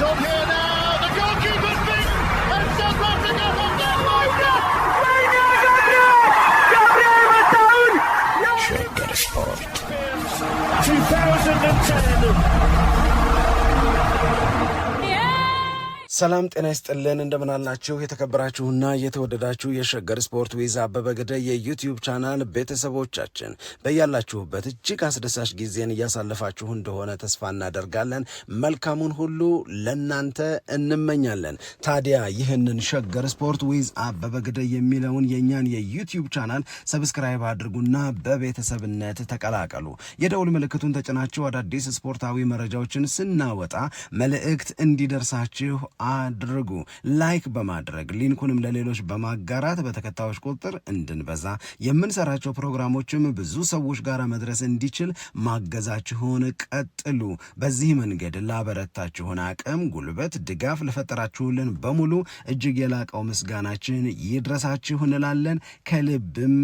Jughead ሰላም ጤና ይስጥልን፣ እንደምናላችሁ የተከበራችሁና የተወደዳችሁ የሸገር ስፖርት ዊዝ አበበ ግደይ የዩትዩብ ቻናል ቤተሰቦቻችን በያላችሁበት እጅግ አስደሳች ጊዜን እያሳለፋችሁ እንደሆነ ተስፋ እናደርጋለን። መልካሙን ሁሉ ለናንተ እንመኛለን። ታዲያ ይህንን ሸገር ስፖርት ዊዝ አበበ ግደይ የሚለውን የእኛን የዩትዩብ ቻናል ሰብስክራይብ አድርጉና በቤተሰብነት ተቀላቀሉ። የደውል ምልክቱን ተጭናችሁ አዳዲስ ስፖርታዊ መረጃዎችን ስናወጣ መልእክት እንዲደርሳችሁ አድርጉ። ላይክ በማድረግ ሊንኩንም ለሌሎች በማጋራት በተከታዮች ቁጥር እንድንበዛ የምንሰራቸው ፕሮግራሞችም ብዙ ሰዎች ጋር መድረስ እንዲችል ማገዛችሁን ቀጥሉ። በዚህ መንገድ ላበረታችሁን አቅም፣ ጉልበት፣ ድጋፍ ለፈጠራችሁልን በሙሉ እጅግ የላቀው ምስጋናችን ይድረሳችሁ እንላለን ከልብም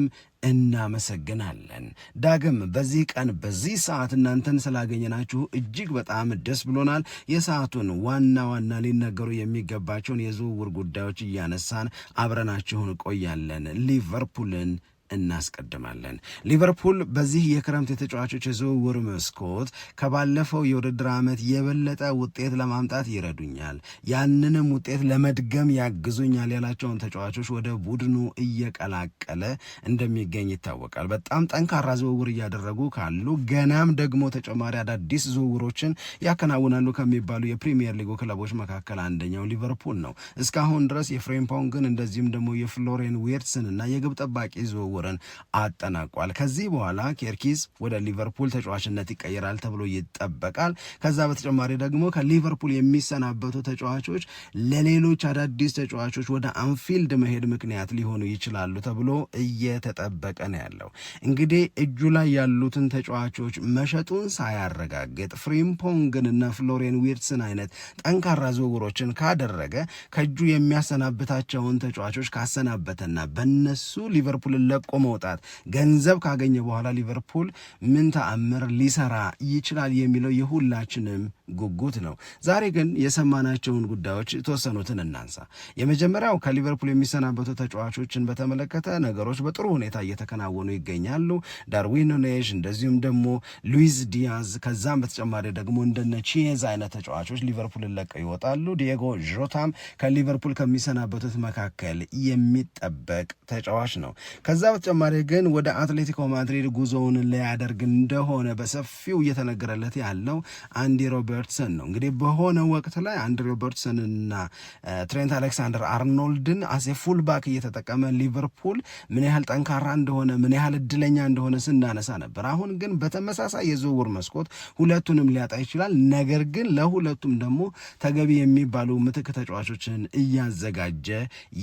እናመሰግናለን። ዳግም በዚህ ቀን በዚህ ሰዓት እናንተን ስላገኘናችሁ እጅግ በጣም ደስ ብሎናል። የሰዓቱን ዋና ዋና ሊነገሩ የሚገባቸውን የዝውውር ጉዳዮች እያነሳን አብረናችሁን ቆያለን። ሊቨርፑልን እናስቀድማለን። ሊቨርፑል በዚህ የክረምት የተጫዋቾች የዝውውር መስኮት ከባለፈው የውድድር ዓመት የበለጠ ውጤት ለማምጣት ይረዱኛል፣ ያንንም ውጤት ለመድገም ያግዙኛል ያላቸውን ተጫዋቾች ወደ ቡድኑ እየቀላቀለ እንደሚገኝ ይታወቃል። በጣም ጠንካራ ዝውውር እያደረጉ ካሉ ገናም ደግሞ ተጨማሪ አዳዲስ ዝውውሮችን ያከናውናሉ ከሚባሉ የፕሪሚየር ሊጉ ክለቦች መካከል አንደኛው ሊቨርፑል ነው። እስካሁን ድረስ የፍሬምፖንግን እንደዚሁም ደግሞ የፍሎሬን ዌርትስን እና የግብ ጠባቂ ዝውውር ዝውውርን አጠናቋል። ከዚህ በኋላ ኬርኪዝ ወደ ሊቨርፑል ተጫዋችነት ይቀየራል ተብሎ ይጠበቃል። ከዛ በተጨማሪ ደግሞ ከሊቨርፑል የሚሰናበቱ ተጫዋቾች ለሌሎች አዳዲስ ተጫዋቾች ወደ አንፊልድ መሄድ ምክንያት ሊሆኑ ይችላሉ ተብሎ እየተጠበቀ ነው ያለው። እንግዲህ እጁ ላይ ያሉትን ተጫዋቾች መሸጡን ሳያረጋግጥ ፍሪምፖንግንና ፍሎሬን ዊርትስን አይነት ጠንካራ ዝውውሮችን ካደረገ ከእጁ የሚያሰናብታቸውን ተጫዋቾች ካሰናበተና በነሱ ሊቨርፑልን ለቆ ለቆ መውጣት ገንዘብ ካገኘ በኋላ ሊቨርፑል ምን ተአምር ሊሰራ ይችላል የሚለው የሁላችንም ጉጉት ነው። ዛሬ ግን የሰማናቸውን ጉዳዮች የተወሰኑትን እናንሳ። የመጀመሪያው ከሊቨርፑል የሚሰናበቱ ተጫዋቾችን በተመለከተ ነገሮች በጥሩ ሁኔታ እየተከናወኑ ይገኛሉ። ዳርዊን ኑኔዥ እንደዚሁም ደግሞ ሉዊዝ ዲያዝ ከዛም በተጨማሪ ደግሞ እንደነ ቺዝ አይነት ተጫዋቾች ሊቨርፑል ለቀው ይወጣሉ። ዲየጎ ዦታም ከሊቨርፑል ከሚሰናበቱት መካከል የሚጠበቅ ተጫዋች ነው። ከዛ በተጨማሪ ግን ወደ አትሌቲኮ ማድሪድ ጉዞውን ሊያደርግ እንደሆነ በሰፊው እየተነገረለት ያለው አንዲ ሮበርትሰን ነው። እንግዲህ በሆነ ወቅት ላይ አንዲ ሮበርትሰን እና ትሬንት አሌክሳንደር አርኖልድን አሴ ፉልባክ እየተጠቀመ ሊቨርፑል ምን ያህል ጠንካራ እንደሆነ ምን ያህል እድለኛ እንደሆነ ስናነሳ ነበር። አሁን ግን በተመሳሳይ የዝውውር መስኮት ሁለቱንም ሊያጣ ይችላል። ነገር ግን ለሁለቱም ደግሞ ተገቢ የሚባሉ ምትክ ተጫዋቾችን እያዘጋጀ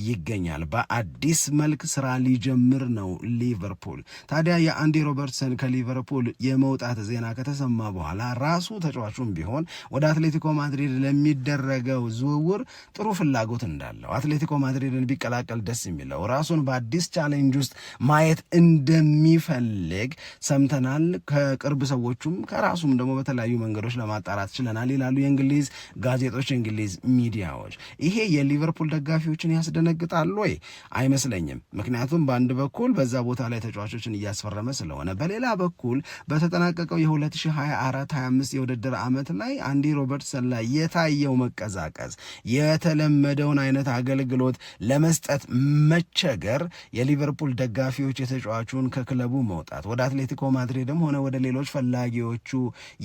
ይገኛል። በአዲስ መልክ ስራ ሊጀምር ነው ነው ሊቨርፑል። ታዲያ የአንዲ ሮበርትሰን ከሊቨርፑል የመውጣት ዜና ከተሰማ በኋላ ራሱ ተጫዋቹም ቢሆን ወደ አትሌቲኮ ማድሪድ ለሚደረገው ዝውውር ጥሩ ፍላጎት እንዳለው አትሌቲኮ ማድሪድን ቢቀላቀል ደስ የሚለው ራሱን በአዲስ ቻሌንጅ ውስጥ ማየት እንደሚፈልግ ሰምተናል። ከቅርብ ሰዎቹም ከራሱም ደግሞ በተለያዩ መንገዶች ለማጣራት ችለናል ይላሉ የእንግሊዝ ጋዜጦች፣ የእንግሊዝ ሚዲያዎች። ይሄ የሊቨርፑል ደጋፊዎችን ያስደነግጣል ወይ? አይመስለኝም። ምክንያቱም በአንድ በኩል በዛ ቦታ ላይ ተጫዋቾችን እያስፈረመ ስለሆነ፣ በሌላ በኩል በተጠናቀቀው የ2024/25 የውድድር ዓመት ላይ አንዲ ሮበርትሰን ላይ የታየው መቀዛቀዝ የተለመደውን አይነት አገልግሎት ለመስጠት መቸገር የሊቨርፑል ደጋፊዎች የተጫዋቹን ከክለቡ መውጣት ወደ አትሌቲኮ ማድሪድም ሆነ ወደ ሌሎች ፈላጊዎቹ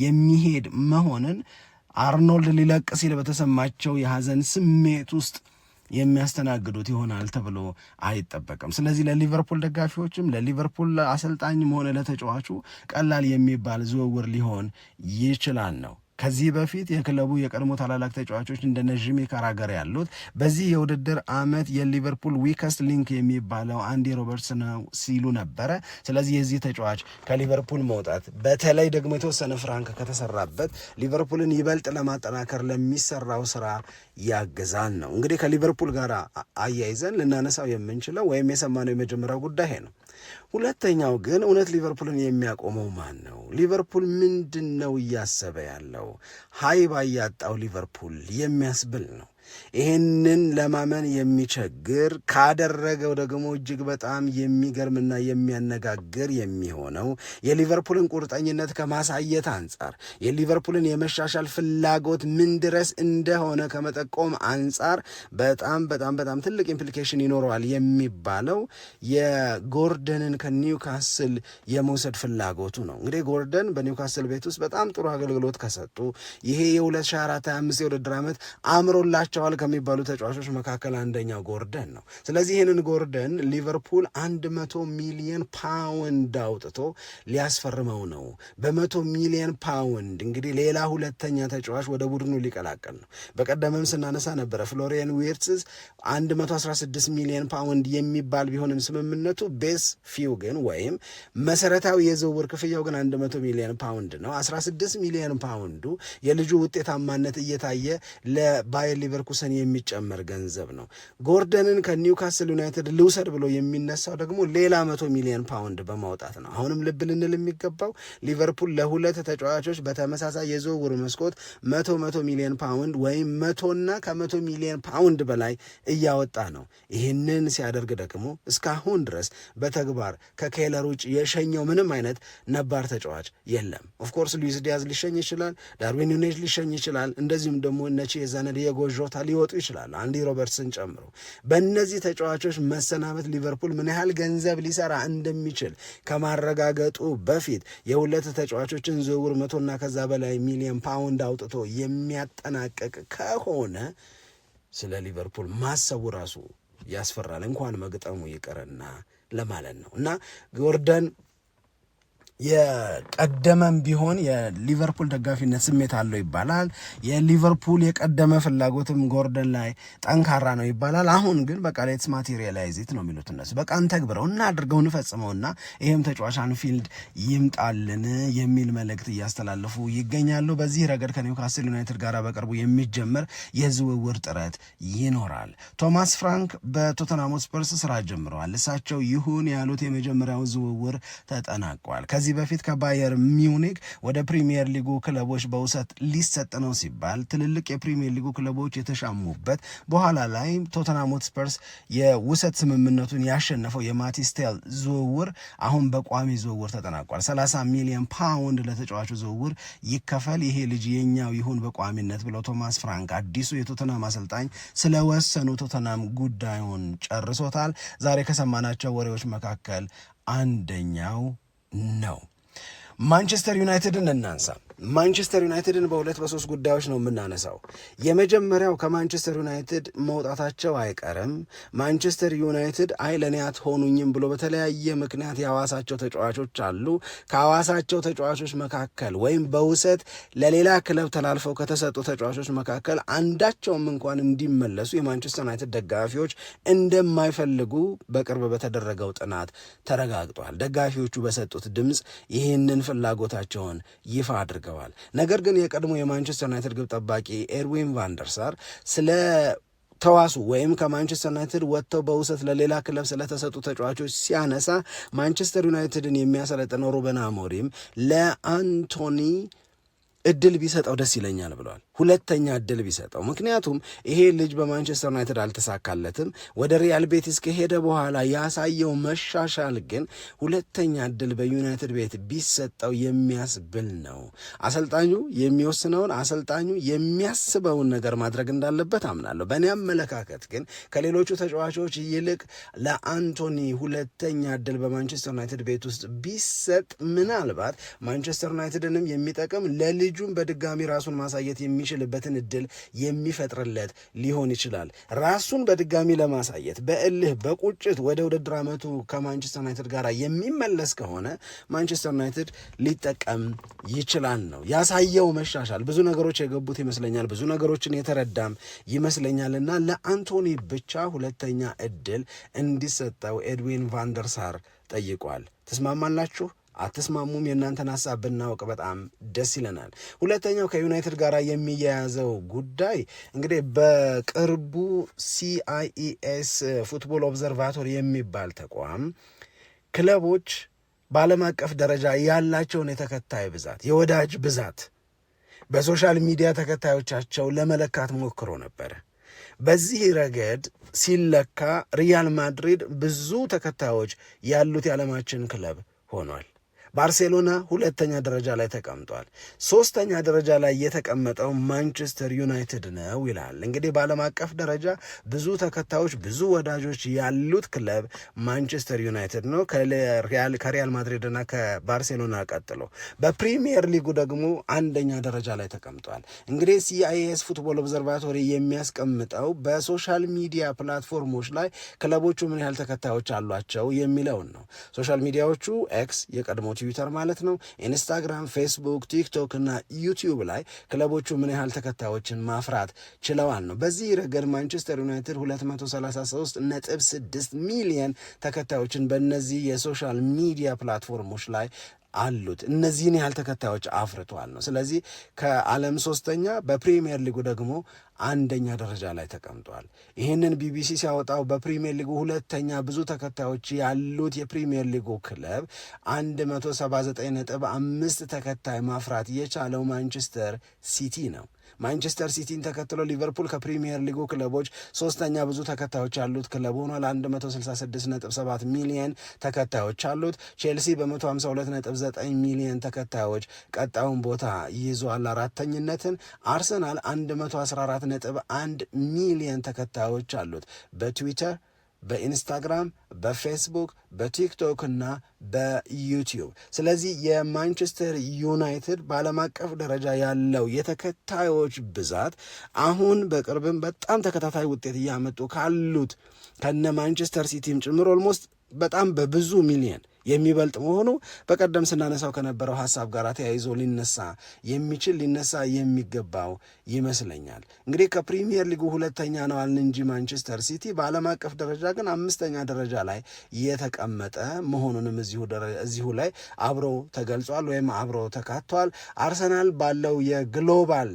የሚሄድ መሆንን አርኖልድ ሊለቅ ሲል በተሰማቸው የሐዘን ስሜት ውስጥ የሚያስተናግዱት ይሆናል ተብሎ አይጠበቅም። ስለዚህ ለሊቨርፑል ደጋፊዎችም ለሊቨርፑል አሰልጣኝም ሆነ ለተጫዋቹ ቀላል የሚባል ዝውውር ሊሆን ይችላል ነው ከዚህ በፊት የክለቡ የቀድሞ ታላላቅ ተጫዋቾች እንደነ ጂሚ ካራገር ያሉት በዚህ የውድድር ዓመት የሊቨርፑል ዊከስት ሊንክ የሚባለው አንዲ ሮበርትስ ነው ሲሉ ነበረ። ስለዚህ የዚህ ተጫዋች ከሊቨርፑል መውጣት በተለይ ደግሞ የተወሰነ ፍራንክ ከተሰራበት ሊቨርፑልን ይበልጥ ለማጠናከር ለሚሰራው ስራ ያግዛል ነው። እንግዲህ ከሊቨርፑል ጋር አያይዘን ልናነሳው የምንችለው ወይም የሰማነው የመጀመሪያው ጉዳይ ነው። ሁለተኛው ግን እውነት ሊቨርፑልን የሚያቆመው ማን ነው? ሊቨርፑል ምንድን ነው እያሰበ ያለው? ሀይባ እያጣው ሊቨርፑል የሚያስብል ነው። ይህንን ለማመን የሚቸግር ካደረገው ደግሞ እጅግ በጣም የሚገርምና የሚያነጋግር የሚሆነው የሊቨርፑልን ቁርጠኝነት ከማሳየት አንጻር የሊቨርፑልን የመሻሻል ፍላጎት ምን ድረስ እንደሆነ ከመጠቆም አንጻር በጣም በጣም በጣም ትልቅ ኢምፕሊኬሽን ይኖረዋል የሚባለው የጎርደንን ከኒውካስል የመውሰድ ፍላጎቱ ነው። እንግዲህ ጎርደን በኒውካስል ቤት ውስጥ በጣም ጥሩ አገልግሎት ከሰጡ ይሄ የ2024/25 የውድድር ዓመት አምሮላቸው ያስደስታቸዋል ከሚባሉ ተጫዋቾች መካከል አንደኛ ጎርደን ነው። ስለዚህ ይህንን ጎርደን ሊቨርፑል አንድ መቶ ሚሊየን ፓውንድ አውጥቶ ሊያስፈርመው ነው። በመቶ ሚሊየን ፓውንድ እንግዲህ ሌላ ሁለተኛ ተጫዋች ወደ ቡድኑ ሊቀላቀል ነው። በቀደምም ስናነሳ ነበረ ፍሎሪየን ዊርትዝ 116 ሚሊየን ፓውንድ የሚባል ቢሆንም ስምምነቱ ቤስ ፊው ግን ወይም መሰረታዊ የዝውውር ክፍያው ግን 100 ሚሊየን ፓውንድ ነው። 16 ሚሊዮን ፓውንዱ የልጁ ውጤታማነት እየታየ ለባየር ሊቨርኩ ለቨርኩሰን የሚጨመር ገንዘብ ነው። ጎርደንን ከኒውካስል ዩናይትድ ልውሰድ ብሎ የሚነሳው ደግሞ ሌላ መቶ ሚሊዮን ፓውንድ በማውጣት ነው። አሁንም ልብ ልንል የሚገባው ሊቨርፑል ለሁለት ተጫዋቾች በተመሳሳይ የዝውውር መስኮት መቶ መቶ ሚሊዮን ፓውንድ ወይም መቶና ከመቶ ሚሊዮን ፓውንድ በላይ እያወጣ ነው። ይህንን ሲያደርግ ደግሞ እስካሁን ድረስ በተግባር ከኬለር ውጭ የሸኘው ምንም አይነት ነባር ተጫዋች የለም። ኦፍኮርስ ሉዊስ ዲያዝ ሊሸኝ ይችላል፣ ዳርዊን ኑኔዝ ሊሸኝ ይችላል። እንደዚሁም ደግሞ እነ ቺዬዛ እና ቦታ ሊወጡ ይችላሉ፣ አንዲ ሮበርትስን ጨምሮ። በእነዚህ ተጫዋቾች መሰናበት ሊቨርፑል ምን ያህል ገንዘብ ሊሰራ እንደሚችል ከማረጋገጡ በፊት የሁለት ተጫዋቾችን ዝውውር መቶና ከዛ በላይ ሚሊዮን ፓውንድ አውጥቶ የሚያጠናቀቅ ከሆነ ስለ ሊቨርፑል ማሰቡ ራሱ ያስፈራል፣ እንኳን መግጠሙ ይቅርና ለማለት ነው እና ጎርደን የቀደመም ቢሆን የሊቨርፑል ደጋፊነት ስሜት አለው ይባላል። የሊቨርፑል የቀደመ ፍላጎትም ጎርደን ላይ ጠንካራ ነው ይባላል። አሁን ግን በቃ ሌትስ ማቴሪያላይዝት ነው የሚሉት እነሱ። በቃ እንተግብረው እና አድርገው እንፈጽመውና ይህም ተጫዋች አንፊልድ ይምጣልን የሚል መልእክት እያስተላለፉ ይገኛሉ። በዚህ ረገድ ከኒውካስል ዩናይትድ ጋር በቅርቡ የሚጀመር የዝውውር ጥረት ይኖራል። ቶማስ ፍራንክ በቶተናም ስፐርስ ስራ ጀምረዋል። እሳቸው ይሁን ያሉት የመጀመሪያው ዝውውር ተጠናቋል። ከዚህ በፊት ከባየር ሚውኒክ ወደ ፕሪሚየር ሊጉ ክለቦች በውሰት ሊሰጥ ነው ሲባል ትልልቅ የፕሪሚየር ሊጉ ክለቦች የተሻሙበት በኋላ ላይ ቶተናም ሆትስፐርስ የውሰት ስምምነቱን ያሸነፈው የማቲስ ቴል ዝውውር አሁን በቋሚ ዝውውር ተጠናቋል። 30 ሚሊዮን ፓውንድ ለተጫዋቹ ዝውውር ይከፈል፣ ይሄ ልጅ የኛው ይሁን በቋሚነት ብለው ቶማስ ፍራንክ አዲሱ የቶተናም አሰልጣኝ ስለወሰኑ ቶተናም ጉዳዩን ጨርሶታል። ዛሬ ከሰማናቸው ወሬዎች መካከል አንደኛው No ማንቸስተር ዩናይትድን እናንሳ። ማንቸስተር ዩናይትድን በሁለት በሶስት ጉዳዮች ነው የምናነሳው። የመጀመሪያው ከማንቸስተር ዩናይትድ መውጣታቸው አይቀርም። ማንቸስተር ዩናይትድ አይ ለእኔ አትሆኑኝም ብሎ በተለያየ ምክንያት የሐዋሳቸው ተጫዋቾች አሉ። ከሐዋሳቸው ተጫዋቾች መካከል ወይም በውሰት ለሌላ ክለብ ተላልፈው ከተሰጡ ተጫዋቾች መካከል አንዳቸውም እንኳን እንዲመለሱ የማንቸስተር ዩናይትድ ደጋፊዎች እንደማይፈልጉ በቅርብ በተደረገው ጥናት ተረጋግጧል። ደጋፊዎቹ በሰጡት ድምፅ ይህንን ፍላጎታቸውን ይፋ አድርገዋል። ነገር ግን የቀድሞ የማንቸስተር ዩናይትድ ግብ ጠባቂ ኤርዊን ቫንደርሳር ስለ ተዋሱ ወይም ከማንቸስተር ዩናይትድ ወጥተው በውሰት ለሌላ ክለብ ስለተሰጡ ተጫዋቾች ሲያነሳ ማንቸስተር ዩናይትድን የሚያሰለጥነው ሩበን አሞሪም ለአንቶኒ እድል ቢሰጠው ደስ ይለኛል ብለዋል። ሁለተኛ እድል ቢሰጠው ምክንያቱም ይሄ ልጅ በማንቸስተር ዩናይትድ አልተሳካለትም። ወደ ሪያል ቤቲስ ከሄደ በኋላ ያሳየው መሻሻል ግን ሁለተኛ እድል በዩናይትድ ቤት ቢሰጠው የሚያስብል ነው። አሰልጣኙ የሚወስነውን አሰልጣኙ የሚያስበውን ነገር ማድረግ እንዳለበት አምናለሁ። በእኔ አመለካከት ግን ከሌሎቹ ተጫዋቾች ይልቅ ለአንቶኒ ሁለተኛ እድል በማንቸስተር ዩናይትድ ቤት ውስጥ ቢሰጥ ምናልባት ማንቸስተር ዩናይትድንም የሚጠቅም ለል ልጁን በድጋሚ ራሱን ማሳየት የሚችልበትን እድል የሚፈጥርለት ሊሆን ይችላል። ራሱን በድጋሚ ለማሳየት በእልህ በቁጭት ወደ ውድድር ዓመቱ ከማንቸስተር ዩናይትድ ጋር የሚመለስ ከሆነ ማንቸስተር ዩናይትድ ሊጠቀም ይችላል ነው ያሳየው መሻሻል። ብዙ ነገሮች የገቡት ይመስለኛል። ብዙ ነገሮችን የተረዳም ይመስለኛልና ለአንቶኒ ብቻ ሁለተኛ እድል እንዲሰጠው ኤድዊን ቫንደርሳር ጠይቋል። ትስማማላችሁ? አትስማሙም፣ የእናንተን ሀሳብ ብናውቅ በጣም ደስ ይለናል። ሁለተኛው ከዩናይትድ ጋር የሚያያዘው ጉዳይ እንግዲህ በቅርቡ ሲአይኢኤስ ፉትቦል ኦብዘርቫቶሪ የሚባል ተቋም ክለቦች በዓለም አቀፍ ደረጃ ያላቸውን የተከታይ ብዛት የወዳጅ ብዛት በሶሻል ሚዲያ ተከታዮቻቸው ለመለካት ሞክሮ ነበር። በዚህ ረገድ ሲለካ ሪያል ማድሪድ ብዙ ተከታዮች ያሉት የዓለማችን ክለብ ሆኗል። ባርሴሎና ሁለተኛ ደረጃ ላይ ተቀምጧል። ሶስተኛ ደረጃ ላይ የተቀመጠው ማንቸስተር ዩናይትድ ነው ይላል። እንግዲህ በዓለም አቀፍ ደረጃ ብዙ ተከታዮች ብዙ ወዳጆች ያሉት ክለብ ማንቸስተር ዩናይትድ ነው ከሪያል ማድሪድና ከባርሴሎና ቀጥሎ። በፕሪሚየር ሊጉ ደግሞ አንደኛ ደረጃ ላይ ተቀምጧል። እንግዲህ ሲአይኤስ ፉትቦል ኦብዘርቫቶሪ የሚያስቀምጠው በሶሻል ሚዲያ ፕላትፎርሞች ላይ ክለቦቹ ምን ያህል ተከታዮች አሏቸው የሚለውን ነው። ሶሻል ሚዲያዎቹ ኤክስ የቀድሞ ትዊተር ማለት ነው፣ ኢንስታግራም፣ ፌስቡክ፣ ቲክቶክ እና ዩቲዩብ ላይ ክለቦቹ ምን ያህል ተከታዮችን ማፍራት ችለዋል ነው። በዚህ ረገድ ማንቸስተር ዩናይትድ 233 ነጥብ 6 ሚሊየን ተከታዮችን በእነዚህ የሶሻል ሚዲያ ፕላትፎርሞች ላይ አሉት እነዚህን ያህል ተከታዮች አፍርቷል ነው። ስለዚህ ከዓለም ሶስተኛ በፕሪሚየር ሊጉ ደግሞ አንደኛ ደረጃ ላይ ተቀምጧል። ይህንን ቢቢሲ ሲያወጣው በፕሪምየር ሊጉ ሁለተኛ ብዙ ተከታዮች ያሉት የፕሪምየር ሊጉ ክለብ 179 ነጥብ አምስት ተከታይ ማፍራት የቻለው ማንቸስተር ሲቲ ነው። ማንቸስተር ሲቲን ተከትሎ ሊቨርፑል ከፕሪሚየር ሊጉ ክለቦች ሶስተኛ ብዙ ተከታዮች ያሉት ክለብ ሆኗል። 166.7 ሚሊየን ተከታዮች አሉት። ቼልሲ በ152.9 ሚሊየን ተከታዮች ቀጣዩን ቦታ ይዟል አራተኝነትን። አርሰናል 114.1 ሚሊየን ተከታዮች አሉት በትዊተር በኢንስታግራም፣ በፌስቡክ፣ በቲክቶክ እና በዩቲዩብ። ስለዚህ የማንቸስተር ዩናይትድ በዓለም አቀፍ ደረጃ ያለው የተከታዮች ብዛት አሁን በቅርብም በጣም ተከታታይ ውጤት እያመጡ ካሉት ከነ ማንቸስተር ሲቲም ጭምር ኦልሞስት በጣም በብዙ ሚሊየን የሚበልጥ መሆኑ በቀደም ስናነሳው ከነበረው ሀሳብ ጋር ተያይዞ ሊነሳ የሚችል ሊነሳ የሚገባው ይመስለኛል። እንግዲህ ከፕሪሚየር ሊጉ ሁለተኛ ነው አልን እንጂ ማንቸስተር ሲቲ በዓለም አቀፍ ደረጃ ግን አምስተኛ ደረጃ ላይ የተቀመጠ መሆኑንም እዚሁ ላይ አብሮ ተገልጿል ወይም አብሮ ተካቷል። አርሰናል ባለው የግሎባል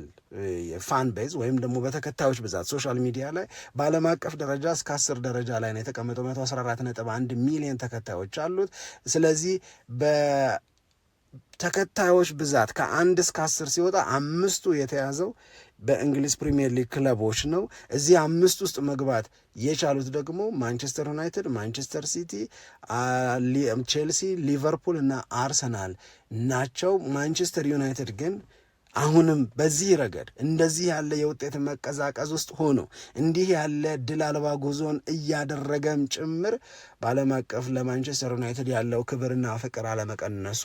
ፋን ቤዝ ወይም ደግሞ በተከታዮች ብዛት ሶሻል ሚዲያ ላይ በዓለም አቀፍ ደረጃ እስከ አስር ደረጃ ላይ ነው የተቀመጠው። መቶ አስራ አራት ነጥብ አንድ ሚሊዮን ተከታዮች አሉት። ስለዚህ በተከታዮች ብዛት ከአንድ እስከ አስር ሲወጣ አምስቱ የተያዘው በእንግሊዝ ፕሪምየር ሊግ ክለቦች ነው። እዚህ አምስት ውስጥ መግባት የቻሉት ደግሞ ማንቸስተር ዩናይትድ፣ ማንቸስተር ሲቲ፣ ቼልሲ፣ ሊቨርፑል እና አርሰናል ናቸው። ማንቸስተር ዩናይትድ ግን አሁንም በዚህ ረገድ እንደዚህ ያለ የውጤት መቀዛቀዝ ውስጥ ሆኖ እንዲህ ያለ ድል አልባ ጉዞን እያደረገም ጭምር በዓለም አቀፍ ለማንቸስተር ዩናይትድ ያለው ክብርና ፍቅር አለመቀነሱ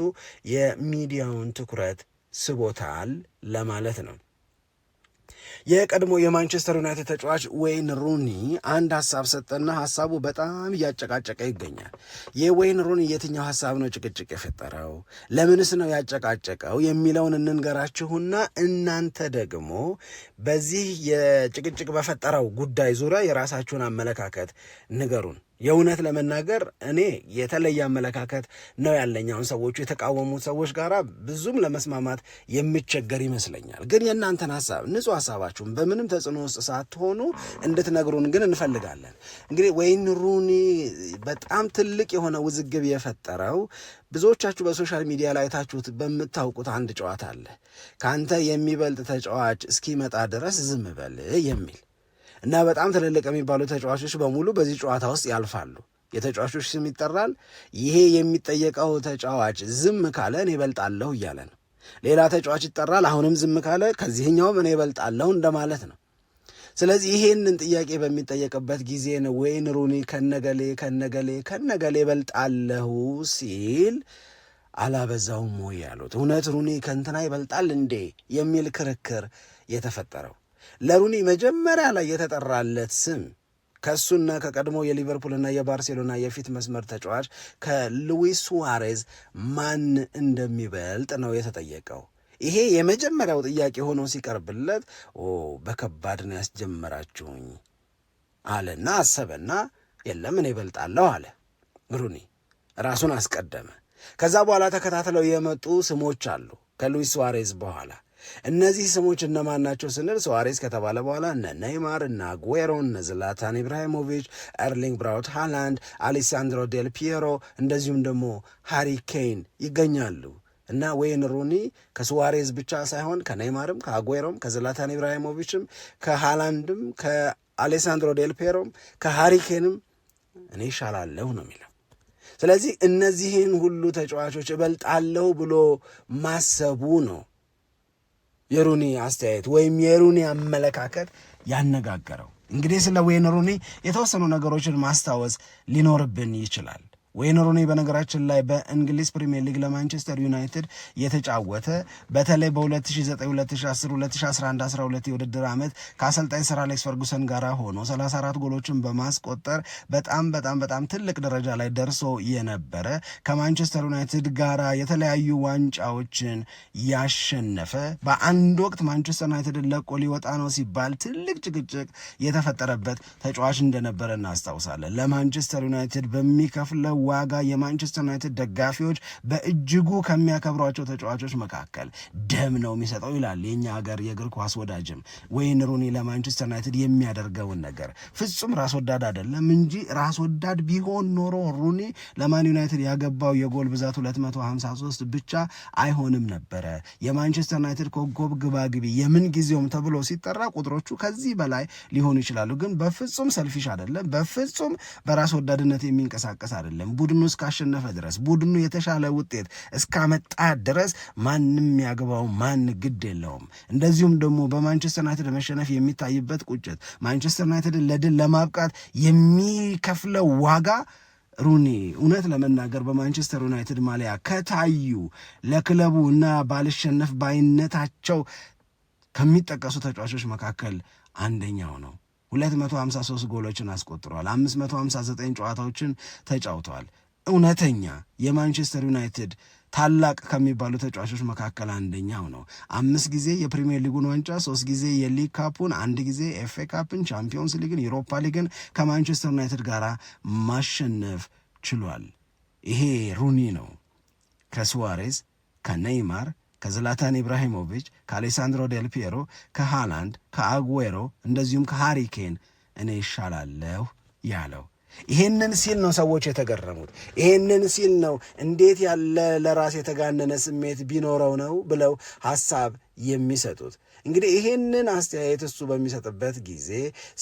የሚዲያውን ትኩረት ስቦታል ለማለት ነው። የቀድሞ የማንቸስተር ዩናይትድ ተጫዋች ዌይን ሩኒ አንድ ሀሳብ ሰጠና ሀሳቡ በጣም እያጨቃጨቀ ይገኛል። የዌይን ሩኒ የትኛው ሀሳብ ነው ጭቅጭቅ የፈጠረው? ለምንስ ነው ያጨቃጨቀው? የሚለውን እንንገራችሁና እናንተ ደግሞ በዚህ የጭቅጭቅ በፈጠረው ጉዳይ ዙሪያ የራሳችሁን አመለካከት ንገሩን። የእውነት ለመናገር እኔ የተለየ አመለካከት ነው ያለኝ። አሁን ሰዎቹ የተቃወሙት ሰዎች ጋር ብዙም ለመስማማት የሚቸገር ይመስለኛል። ግን የእናንተን ሀሳብ ንጹሕ ሀሳባችሁን በምንም ተጽዕኖ ውስጥ ሳትሆኑ እንድትነግሩን ግን እንፈልጋለን። እንግዲህ ወይን ሩኒ በጣም ትልቅ የሆነ ውዝግብ የፈጠረው ብዙዎቻችሁ በሶሻል ሚዲያ ላይ ታችሁት በምታውቁት አንድ ጨዋታ አለ ከአንተ የሚበልጥ ተጫዋች እስኪመጣ ድረስ ዝም በል የሚል እና በጣም ትልልቅ የሚባሉ ተጫዋቾች በሙሉ በዚህ ጨዋታ ውስጥ ያልፋሉ። የተጫዋቾች ስም ይጠራል። ይሄ የሚጠየቀው ተጫዋች ዝም ካለ እኔ እበልጣለሁ እያለ ነው። ሌላ ተጫዋች ይጠራል። አሁንም ዝም ካለ ከዚህኛውም እኔ እበልጣለሁ እንደማለት ነው። ስለዚህ ይሄንን ጥያቄ በሚጠየቅበት ጊዜ ነው ወይን ሩኒ ከነገሌ ከነገሌ ከነገሌ እበልጣለሁ ሲል አላበዛውም ወይ ያሉት። እውነት ሩኒ ከእንትና ይበልጣል እንዴ የሚል ክርክር የተፈጠረው ለሩኒ መጀመሪያ ላይ የተጠራለት ስም ከእሱና ከቀድሞ የሊቨርፑልና የባርሴሎና የፊት መስመር ተጫዋች ከሉዊስ ሱዋሬዝ ማን እንደሚበልጥ ነው የተጠየቀው። ይሄ የመጀመሪያው ጥያቄ ሆኖ ሲቀርብለት ኦ በከባድ ነው ያስጀመራችሁኝ አለና አሰበና የለም እኔ እበልጣለሁ አለ። ሩኒ ራሱን አስቀደመ። ከዛ በኋላ ተከታትለው የመጡ ስሞች አሉ ከሉዊስ ሱዋሬዝ በኋላ እነዚህ ስሞች እነማን ናቸው ስንል ሰዋሬስ ከተባለ በኋላ እነ ኔይማር፣ እነ አጉዌሮ፣ እነ ዝላታን ኢብራሂሞቪች፣ ኤርሊንግ ብራውት ሃላንድ፣ አሌሳንድሮ ዴል ፒየሮ እንደዚሁም ደግሞ ሃሪ ኬን ይገኛሉ። እና ወይን ሩኒ ከሱዋሬዝ ብቻ ሳይሆን ከኔይማርም ከአጉዌሮም ከዝላታን ኢብራሂሞቪችም ከሃላንድም ከአሌሳንድሮ ዴል ፔሮም ከሃሪኬንም እኔ ይሻላለሁ ነው የሚለው። ስለዚህ እነዚህን ሁሉ ተጫዋቾች እበልጣለሁ ብሎ ማሰቡ ነው የሩኒ አስተያየት ወይም የሩኒ አመለካከት ያነጋገረው? እንግዲህ ስለ ዌይን ሩኒ የተወሰኑ ነገሮችን ማስታወስ ሊኖርብን ይችላል። ወይን ሩኒ በነገራችን ላይ በእንግሊዝ ፕሪሚየር ሊግ ለማንቸስተር ዩናይትድ የተጫወተ በተለይ በ2009 2010 2011 12 የውድድር ዓመት ከአሰልጣኝ ሰር አሌክስ ፈርጉሰን ጋር ሆኖ 34 ጎሎችን በማስቆጠር በጣም በጣም በጣም ትልቅ ደረጃ ላይ ደርሶ የነበረ ከማንቸስተር ዩናይትድ ጋራ የተለያዩ ዋንጫዎችን ያሸነፈ በአንድ ወቅት ማንቸስተር ዩናይትድን ለቆ ሊወጣ ነው ሲባል ትልቅ ጭቅጭቅ የተፈጠረበት ተጫዋች እንደነበረ እናስታውሳለን። ለማንቸስተር ዩናይትድ በሚከፍለው ዋጋ የማንቸስተር ዩናይትድ ደጋፊዎች በእጅጉ ከሚያከብሯቸው ተጫዋቾች መካከል ደም ነው የሚሰጠው ይላል የኛ ሀገር የእግር ኳስ ወዳጅም ወይን ሩኒ ለማንቸስተር ዩናይትድ የሚያደርገውን ነገር ፍጹም ራስ ወዳድ አይደለም እንጂ ራስ ወዳድ ቢሆን ኖሮ ሩኒ ለማን ዩናይትድ ያገባው የጎል ብዛት 253 ብቻ አይሆንም ነበረ። የማንቸስተር ዩናይትድ ኮከብ ግባግቢ የምን ጊዜውም ተብሎ ሲጠራ ቁጥሮቹ ከዚህ በላይ ሊሆኑ ይችላሉ። ግን በፍጹም ሰልፊሽ አይደለም፣ በፍጹም በራስ ወዳድነት የሚንቀሳቀስ አይደለም። ቡድኑ እስካሸነፈ ድረስ ቡድኑ የተሻለ ውጤት እስካመጣ ድረስ ማንም ያግባው ማን ግድ የለውም። እንደዚሁም ደግሞ በማንቸስተር ዩናይትድ መሸነፍ የሚታይበት ቁጭት፣ ማንቸስተር ዩናይትድን ለድል ለማብቃት የሚከፍለው ዋጋ ሩኒ እውነት ለመናገር በማንቸስተር ዩናይትድ ማሊያ ከታዩ ለክለቡ እና ባልሸነፍ ባይነታቸው ከሚጠቀሱ ተጫዋቾች መካከል አንደኛው ነው። 253 ጎሎችን አስቆጥሯል። 559 ጨዋታዎችን ተጫውተዋል። እውነተኛ የማንቸስተር ዩናይትድ ታላቅ ከሚባሉ ተጫዋቾች መካከል አንደኛው ነው። አምስት ጊዜ የፕሪሚየር ሊጉን ዋንጫ፣ ሶስት ጊዜ የሊግ ካፑን፣ አንድ ጊዜ ኤፍኤ ካፕን፣ ቻምፒዮንስ ሊግን፣ ዩሮፓ ሊግን ከማንቸስተር ዩናይትድ ጋር ማሸነፍ ችሏል። ይሄ ሩኒ ነው ከሱዋሬዝ ከነይማር ከዝላታን ኢብራሂሞቪች፣ ከአሌሳንድሮ ዴል ፒየሮ፣ ከሃላንድ፣ ከአጉዌሮ እንደዚሁም ከሃሪኬን እኔ ይሻላለሁ ያለው። ይሄንን ሲል ነው ሰዎች የተገረሙት። ይሄንን ሲል ነው እንዴት ያለ ለራስ የተጋነነ ስሜት ቢኖረው ነው ብለው ሐሳብ የሚሰጡት። እንግዲህ ይሄንን አስተያየት እሱ በሚሰጥበት ጊዜ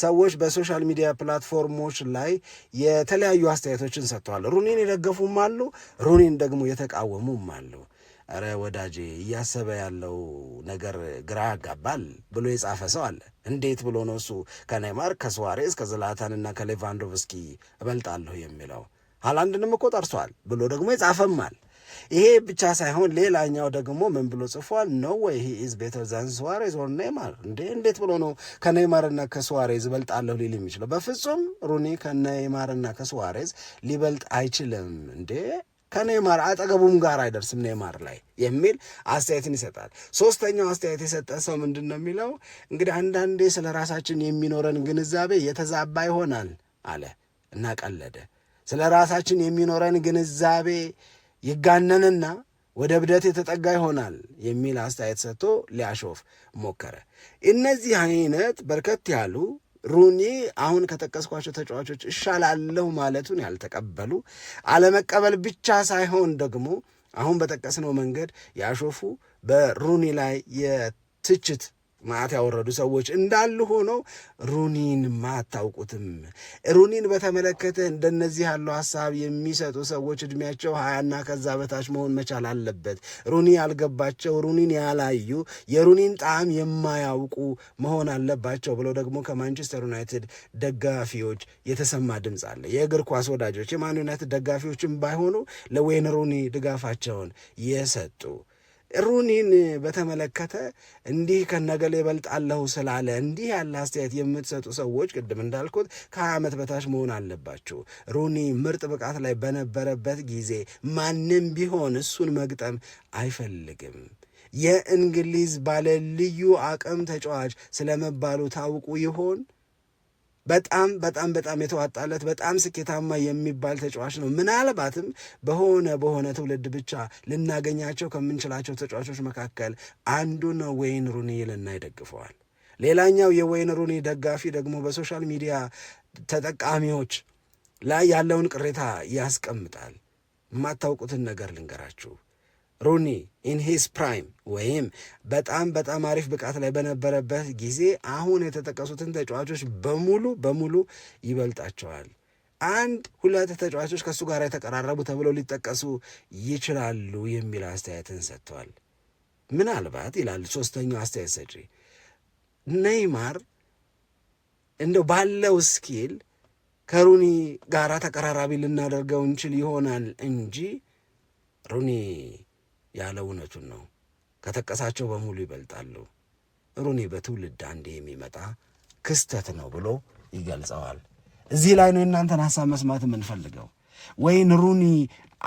ሰዎች በሶሻል ሚዲያ ፕላትፎርሞች ላይ የተለያዩ አስተያየቶችን ሰጥተዋል። ሩኒን የደገፉም አሉ፣ ሩኒን ደግሞ የተቃወሙም አሉ። ኧረ ወዳጄ እያሰበ ያለው ነገር ግራ ያጋባል ብሎ የጻፈ ሰው አለ። እንዴት ብሎ ነው እሱ ከኔይማር ከሱዋሬስ ከዝላታንና ከሌቫንዶቭስኪ እበልጣለሁ የሚለው? ሃላንድንም እኮ ጠርሷል ብሎ ደግሞ ይጻፈማል። ይሄ ብቻ ሳይሆን ሌላኛው ደግሞ ምን ብሎ ጽፏል? ኖ ወይ ሂ ኢዝ ቤተር ዛን ሱዋሬዝ ኦር ኔይማር። እንዴ እንዴት ብሎ ነው ከኔይማርና ከሱዋሬዝ እበልጣለሁ ሊል የሚችለው? በፍጹም ሩኒ ከኔይማርና ከሱዋሬዝ ሊበልጥ አይችልም። እንዴ ከኔማር አጠገቡም ጋር አይደርስም ኔማር ላይ የሚል አስተያየትን ይሰጣል። ሶስተኛው አስተያየት የሰጠ ሰው ምንድን ነው የሚለው እንግዲህ አንዳንዴ ስለ ራሳችን የሚኖረን ግንዛቤ የተዛባ ይሆናል አለ እና ቀለደ። ስለ ራሳችን የሚኖረን ግንዛቤ ይጋነንና ወደ እብደት የተጠጋ ይሆናል የሚል አስተያየት ሰጥቶ ሊያሾፍ ሞከረ። እነዚህ አይነት በርከት ያሉ ሩኒ አሁን ከጠቀስኳቸው ተጫዋቾች እሻላለሁ ማለቱን ያልተቀበሉ አለመቀበል ብቻ ሳይሆን ደግሞ አሁን በጠቀስነው መንገድ ያሾፉ በሩኒ ላይ የትችት ማት ያወረዱ ሰዎች እንዳሉ ሆኖ ሩኒን ማታውቁትም። ሩኒን በተመለከተ እንደነዚህ ያለው ሀሳብ የሚሰጡ ሰዎች እድሜያቸው ሀያና ከዛ በታች መሆን መቻል አለበት። ሩኒ ያልገባቸው፣ ሩኒን ያላዩ፣ የሩኒን ጣዕም የማያውቁ መሆን አለባቸው ብለው ደግሞ ከማንቸስተር ዩናይትድ ደጋፊዎች የተሰማ ድምፅ አለ። የእግር ኳስ ወዳጆች የማን ዩናይትድ ደጋፊዎችም ባይሆኑ ለዌይን ሩኒ ድጋፋቸውን የሰጡ ሩኒን በተመለከተ እንዲህ ከነገሌ ይበልጣለሁ ስላለ እንዲህ ያለ አስተያየት የምትሰጡ ሰዎች ቅድም እንዳልኩት ከሀያ ዓመት በታች መሆን አለባችሁ። ሩኒ ምርጥ ብቃት ላይ በነበረበት ጊዜ ማንም ቢሆን እሱን መግጠም አይፈልግም። የእንግሊዝ ባለልዩ አቅም ተጫዋች ስለመባሉ ታውቁ ይሆን? በጣም በጣም በጣም የተዋጣለት በጣም ስኬታማ የሚባል ተጫዋች ነው። ምናልባትም በሆነ በሆነ ትውልድ ብቻ ልናገኛቸው ከምንችላቸው ተጫዋቾች መካከል አንዱ ነው። ወይን ሩኒ ልናይ ይደግፈዋል። ሌላኛው የወይን ሩኒ ደጋፊ ደግሞ በሶሻል ሚዲያ ተጠቃሚዎች ላይ ያለውን ቅሬታ ያስቀምጣል። የማታውቁትን ነገር ልንገራችሁ። ሩኒ ኢንሂስ ፕራይም ወይም በጣም በጣም አሪፍ ብቃት ላይ በነበረበት ጊዜ አሁን የተጠቀሱትን ተጫዋቾች በሙሉ በሙሉ ይበልጣቸዋል። አንድ ሁለት ተጫዋቾች ከእሱ ጋር የተቀራረቡ ተብለው ሊጠቀሱ ይችላሉ የሚል አስተያየትን ሰጥተዋል። ምናልባት ይላል ሶስተኛው አስተያየት ሰጪ ነይማር እንደው ባለው ስኪል ከሩኒ ጋራ ተቀራራቢ ልናደርገው እንችል ይሆናል እንጂ ሩኒ ያለ እውነቱን ነው። ከጠቀሳቸው በሙሉ ይበልጣሉ። ሩኒ በትውልድ አንዴ የሚመጣ ክስተት ነው ብሎ ይገልጸዋል። እዚህ ላይ ነው የእናንተን ሀሳብ መስማት የምንፈልገው። ወይን ሩኒ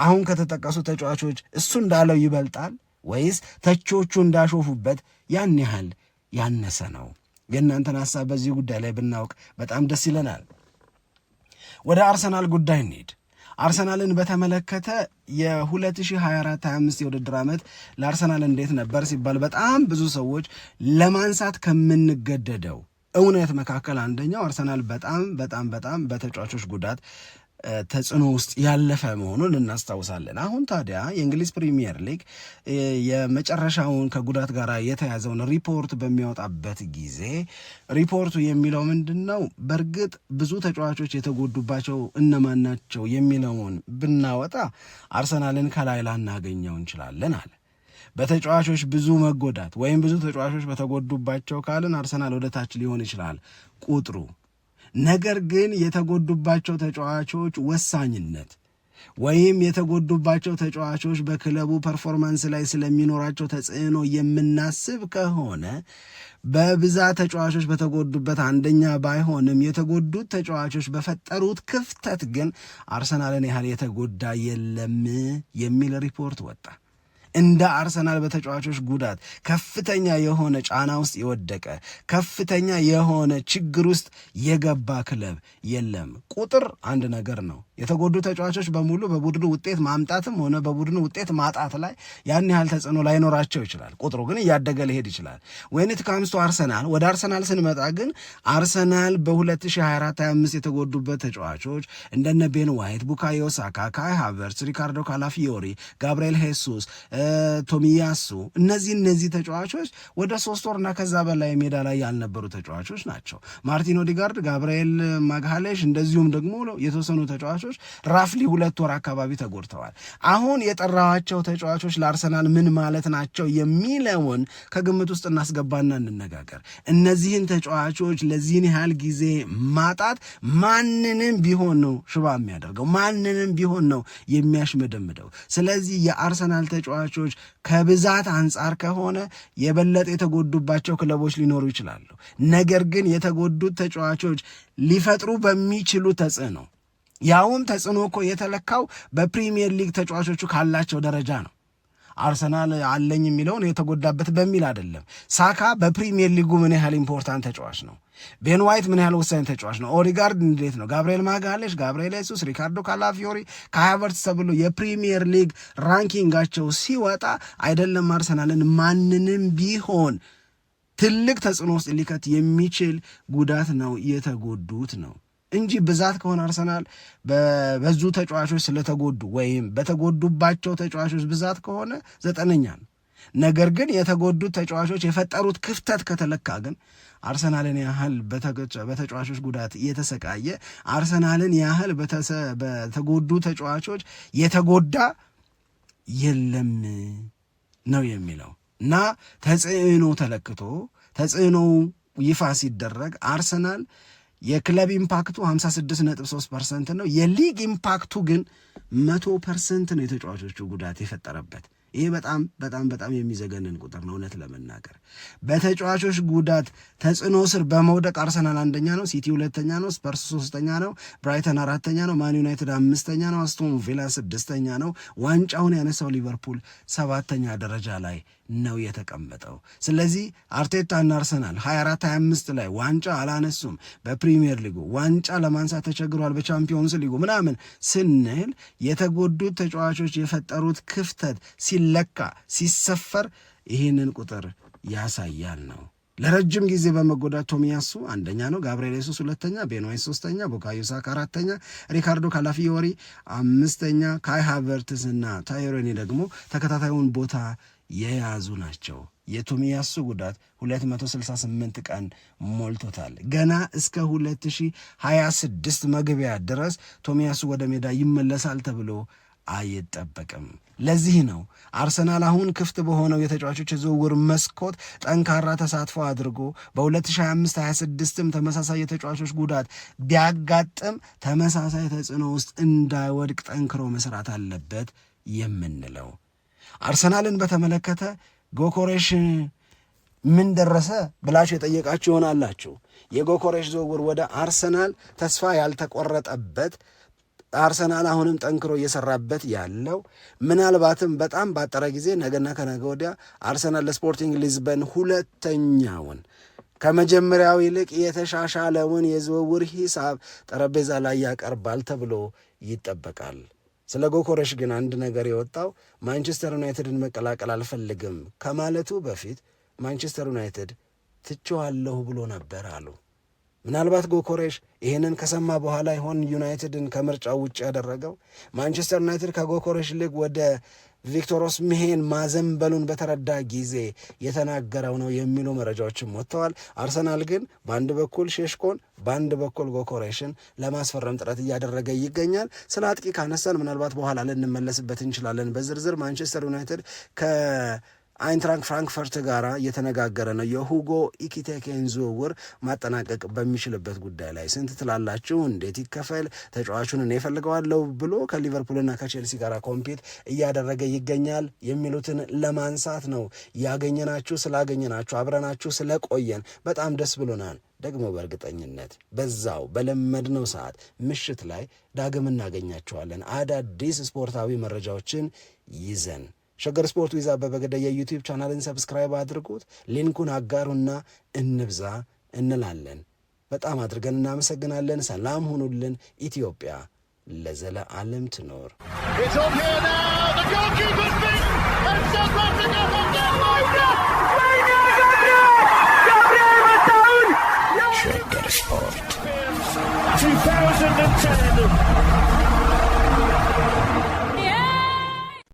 አሁን ከተጠቀሱ ተጫዋቾች እሱ እንዳለው ይበልጣል ወይስ ተቾቹ እንዳሾፉበት ያን ያህል ያነሰ ነው? የእናንተን ሀሳብ በዚህ ጉዳይ ላይ ብናውቅ በጣም ደስ ይለናል። ወደ አርሰናል ጉዳይ እንሄድ። አርሰናልን በተመለከተ የ2024/25 የውድድር ዓመት ለአርሰናል እንዴት ነበር ሲባል በጣም ብዙ ሰዎች ለማንሳት ከምንገደደው እውነት መካከል አንደኛው አርሰናል በጣም በጣም በጣም በተጫዋቾች ጉዳት ተጽዕኖ ውስጥ ያለፈ መሆኑን እናስታውሳለን። አሁን ታዲያ የእንግሊዝ ፕሪሚየር ሊግ የመጨረሻውን ከጉዳት ጋር የተያዘውን ሪፖርት በሚያወጣበት ጊዜ ሪፖርቱ የሚለው ምንድን ነው? በእርግጥ ብዙ ተጫዋቾች የተጎዱባቸው እነማን ናቸው የሚለውን ብናወጣ አርሰናልን ከላይ ላናገኘው እንችላለን አለ። በተጫዋቾች ብዙ መጎዳት ወይም ብዙ ተጫዋቾች በተጎዱባቸው ካልን አርሰናል ወደ ታች ሊሆን ይችላል ቁጥሩ ነገር ግን የተጎዱባቸው ተጫዋቾች ወሳኝነት ወይም የተጎዱባቸው ተጫዋቾች በክለቡ ፐርፎርማንስ ላይ ስለሚኖራቸው ተጽዕኖ የምናስብ ከሆነ በብዛት ተጫዋቾች በተጎዱበት አንደኛ ባይሆንም የተጎዱት ተጫዋቾች በፈጠሩት ክፍተት ግን አርሰናልን ያህል የተጎዳ የለም የሚል ሪፖርት ወጣ። እንደ አርሰናል በተጫዋቾች ጉዳት ከፍተኛ የሆነ ጫና ውስጥ የወደቀ ከፍተኛ የሆነ ችግር ውስጥ የገባ ክለብ የለም። ቁጥር አንድ ነገር ነው። የተጎዱ ተጫዋቾች በሙሉ በቡድኑ ውጤት ማምጣትም ሆነ በቡድኑ ውጤት ማጣት ላይ ያን ያህል ተጽዕኖ ላይኖራቸው ይችላል። ቁጥሩ ግን እያደገ ሊሄድ ይችላል። ወይኒት ካምስቶ አርሰናል ወደ አርሰናል ስንመጣ ግን አርሰናል በ2024/25 የተጎዱበት ተጫዋቾች እንደነ ቤን ዋይት፣ ቡካዮ ሳካ፣ ካይ ሃቨርስ፣ ሪካርዶ ካላፊዮሪ፣ ጋብርኤል ሄሱስ ቶሚያሱ እነዚህ እነዚህ ተጫዋቾች ወደ ሶስት ወርና ከዛ በላይ ሜዳ ላይ ያልነበሩ ተጫዋቾች ናቸው። ማርቲን ኦዲጋርድ፣ ጋብርኤል ማግሃሌሽ እንደዚሁም ደግሞ የተወሰኑ ተጫዋቾች ራፍሊ ሁለት ወር አካባቢ ተጎድተዋል። አሁን የጠራዋቸው ተጫዋቾች ለአርሰናል ምን ማለት ናቸው የሚለውን ከግምት ውስጥ እናስገባና እንነጋገር። እነዚህን ተጫዋቾች ለዚህን ያህል ጊዜ ማጣት ማንንም ቢሆን ነው ሽባ የሚያደርገው፣ ማንንም ቢሆን ነው የሚያሽመደምደው። ስለዚህ የአርሰናል ተጫዋ ተጫዋቾች ከብዛት አንጻር ከሆነ የበለጠ የተጎዱባቸው ክለቦች ሊኖሩ ይችላሉ። ነገር ግን የተጎዱት ተጫዋቾች ሊፈጥሩ በሚችሉ ተጽዕኖ ያውም ተጽዕኖ እኮ የተለካው በፕሪሚየር ሊግ ተጫዋቾቹ ካላቸው ደረጃ ነው። አርሰናል አለኝ የሚለውን የተጎዳበት በሚል አይደለም። ሳካ በፕሪሚየር ሊጉ ምን ያህል ኢምፖርታንት ተጫዋች ነው? ቤን ዋይት ምን ያህል ወሳኝ ተጫዋች ነው? ኦዲጋርድ እንዴት ነው? ጋብርኤል ማጋሌሽ፣ ጋብርኤል ሱስ፣ ሪካርዶ ካላፊዮሪ፣ ከሃቨርትስ ተብሎ የፕሪሚየር ሊግ ራንኪንጋቸው ሲወጣ አይደለም አርሰናልን ማንንም ቢሆን ትልቅ ተጽዕኖ ውስጥ ሊከት የሚችል ጉዳት ነው የተጎዱት ነው እንጂ ብዛት ከሆነ አርሰናል በዙ ተጫዋቾች ስለተጎዱ ወይም በተጎዱባቸው ተጫዋቾች ብዛት ከሆነ ዘጠነኛ ነው። ነገር ግን የተጎዱት ተጫዋቾች የፈጠሩት ክፍተት ከተለካ ግን አርሰናልን ያህል በተጫዋቾች ጉዳት እየተሰቃየ አርሰናልን ያህል በተጎዱ ተጫዋቾች የተጎዳ የለም ነው የሚለው እና ተጽዕኖ ተለክቶ ተጽዕኖ ይፋ ሲደረግ አርሰናል የክለብ ኢምፓክቱ 56.3 ፐርሰንት ነው። የሊግ ኢምፓክቱ ግን መቶ ፐርሰንት ነው። የተጫዋቾቹ ጉዳት የፈጠረበት ይህ በጣም በጣም በጣም የሚዘገንን ቁጥር ነው። እውነት ለመናገር በተጫዋቾች ጉዳት ተጽዕኖ ስር በመውደቅ አርሰናል አንደኛ ነው፣ ሲቲ ሁለተኛ ነው፣ ስፐርስ ሶስተኛ ነው፣ ብራይተን አራተኛ ነው፣ ማን ዩናይትድ አምስተኛ ነው፣ አስቶን ቪላ ስድስተኛ ነው። ዋንጫውን ያነሳው ሊቨርፑል ሰባተኛ ደረጃ ላይ ነው የተቀመጠው። ስለዚህ አርቴታና አርሰናል 24 25 ላይ ዋንጫ አላነሱም፣ በፕሪሚየር ሊጉ ዋንጫ ለማንሳት ተቸግሯል፣ በቻምፒዮንስ ሊጉ ምናምን ስንል የተጎዱት ተጫዋቾች የፈጠሩት ክፍተት ሲ ሲለካ ሲሰፈር ይህንን ቁጥር ያሳያል ነው። ለረጅም ጊዜ በመጎዳት ቶሚያሱ አንደኛ ነው፣ ጋብርኤል ሱስ ሁለተኛ፣ ቤንዋይት ሶስተኛ፣ ቡካዮ ሳካ አራተኛ፣ ሪካርዶ ካላፊዮሪ አምስተኛ፣ ካይ ሃቨርትስ እና ታይሮኒ ደግሞ ተከታታዩን ቦታ የያዙ ናቸው። የቶሚያሱ ጉዳት 268 ቀን ሞልቶታል። ገና እስከ 2026 መግቢያ ድረስ ቶሚያሱ ወደ ሜዳ ይመለሳል ተብሎ አይጠበቅም። ለዚህ ነው አርሰናል አሁን ክፍት በሆነው የተጫዋቾች ዝውውር መስኮት ጠንካራ ተሳትፎ አድርጎ በ2025/26ም ተመሳሳይ የተጫዋቾች ጉዳት ቢያጋጥም ተመሳሳይ ተጽዕኖ ውስጥ እንዳይወድቅ ጠንክሮ መስራት አለበት የምንለው። አርሰናልን በተመለከተ ጎኮሬሽ ምን ደረሰ ብላችሁ የጠየቃችሁ ይሆናላችሁ። የጎኮሬሽ ዝውውር ወደ አርሰናል ተስፋ ያልተቆረጠበት አርሰናል አሁንም ጠንክሮ እየሰራበት ያለው ምናልባትም በጣም ባጠረ ጊዜ ነገና ከነገ ወዲያ አርሰናል ለስፖርቲንግ ሊዝበን ሁለተኛውን ከመጀመሪያው ይልቅ የተሻሻለውን የዝውውር ሂሳብ ጠረጴዛ ላይ ያቀርባል ተብሎ ይጠበቃል። ስለ ጎኮረሽ ግን አንድ ነገር የወጣው ማንቸስተር ዩናይትድን መቀላቀል አልፈልግም ከማለቱ በፊት ማንቸስተር ዩናይትድ ትችዋለሁ ብሎ ነበር አሉ። ምናልባት ጎኮሬሽ ይህንን ከሰማ በኋላ ይሆን ዩናይትድን ከምርጫው ውጭ ያደረገው። ማንቸስተር ዩናይትድ ከጎኮሬሽ ልግ ወደ ቪክቶር ኦስሜሄን ማዘንበሉን በተረዳ ጊዜ የተናገረው ነው የሚሉ መረጃዎችም ወጥተዋል። አርሰናል ግን በአንድ በኩል ሼሽኮን በአንድ በኩል ጎኮሬሽን ለማስፈረም ጥረት እያደረገ ይገኛል። ስለ አጥቂ ካነሳን ምናልባት በኋላ ልንመለስበት እንችላለን በዝርዝር ማንቸስተር ዩናይትድ ከ አይንትራንክ ፍራንክፈርት ጋር እየተነጋገረ ነው። የሁጎ ኢኪቴኬን ዝውውር ማጠናቀቅ በሚችልበት ጉዳይ ላይ ስንት ትላላችሁ? እንዴት ይከፈል? ተጫዋቹን እኔ እፈልገዋለሁ ብሎ ከሊቨርፑልና ከቼልሲ ጋር ኮምፒት እያደረገ ይገኛል የሚሉትን ለማንሳት ነው። ያገኘናችሁ ስላገኘናችሁ አብረናችሁ ስለቆየን በጣም ደስ ብሎናል። ደግሞ በእርግጠኝነት በዛው በለመድነው ሰዓት ምሽት ላይ ዳግም እናገኛችኋለን አዳዲስ ስፖርታዊ መረጃዎችን ይዘን ሸገር ስፖርት ዊዝ አበበ ገደይ የዩቲዩብ ቻናልን ሰብስክራይብ አድርጉት፣ ሊንኩን አጋሩና እንብዛ እንላለን። በጣም አድርገን እናመሰግናለን። ሰላም ሁኑልን። ኢትዮጵያ ለዘለዓለም ትኖር። ሸገር